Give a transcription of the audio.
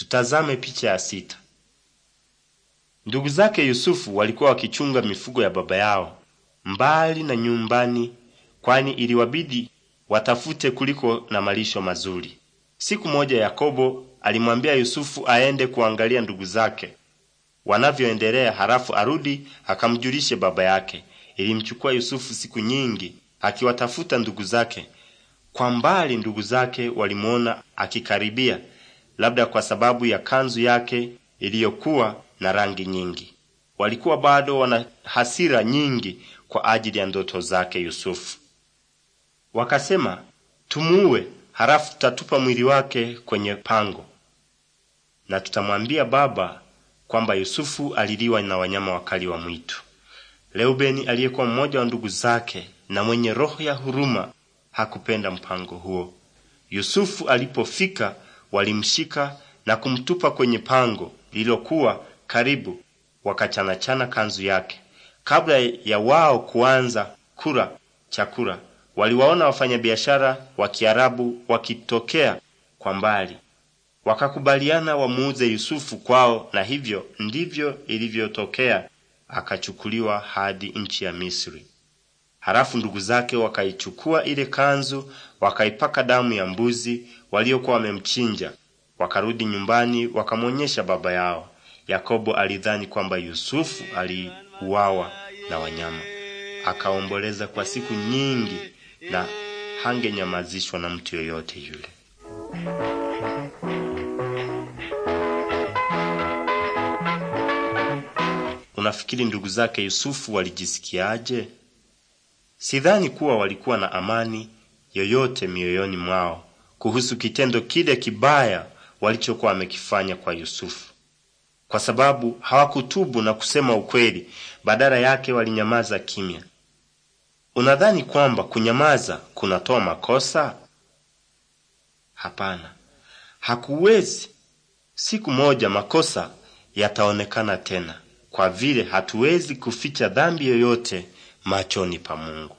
Tutazame picha ya sita. Ndugu zake Yusufu walikuwa wakichunga mifugo ya baba yao mbali na nyumbani, kwani iliwabidi watafute kuliko na malisho mazuri. Siku moja Yakobo alimwambia Yusufu aende kuangalia ndugu zake wanavyoendelea, halafu arudi akamjulishe baba yake. Ilimchukua Yusufu siku nyingi akiwatafuta ndugu zake. Kwa mbali ndugu zake walimuona akikaribia, labda kwa sababu ya kanzu yake iliyokuwa na rangi nyingi. Walikuwa bado wana hasira nyingi kwa ajili ya ndoto zake Yusufu. Wakasema, tumuue, halafu tutatupa mwili wake kwenye pango na tutamwambia baba kwamba Yusufu aliliwa na wanyama wakali wa mwitu. Reubeni aliyekuwa mmoja wa ndugu zake na mwenye roho ya huruma hakupenda mpango huo. Yusufu alipofika walimshika na kumtupa kwenye pango lililokuwa karibu, wakachanachana kanzu yake. Kabla ya wao kuanza kula chakula, waliwaona wafanyabiashara wa Kiarabu wakitokea kwa mbali, wakakubaliana wamuuze Yusufu kwao, na hivyo ndivyo ilivyotokea, akachukuliwa hadi nchi ya Misri. Halafu ndugu zake wakaichukua ile kanzu wakaipaka damu ya mbuzi waliokuwa wamemchinja, wakarudi nyumbani wakamwonyesha baba yao. Yakobo alidhani kwamba Yusufu aliuawa na wanyama, akaomboleza kwa siku nyingi na hangenyamazishwa na mtu yoyote yule. Unafikiri ndugu zake Yusufu walijisikiaje? Sidhani kuwa walikuwa na amani yoyote mioyoni mwao kuhusu kitendo kile kibaya walichokuwa wamekifanya kwa Yusufu, kwa sababu hawakutubu na kusema ukweli, badala yake walinyamaza kimya. Unadhani kwamba kunyamaza kunatoa makosa? Hapana, hakuwezi. Siku moja makosa yataonekana tena, kwa vile hatuwezi kuficha dhambi yoyote machoni pa Mungu.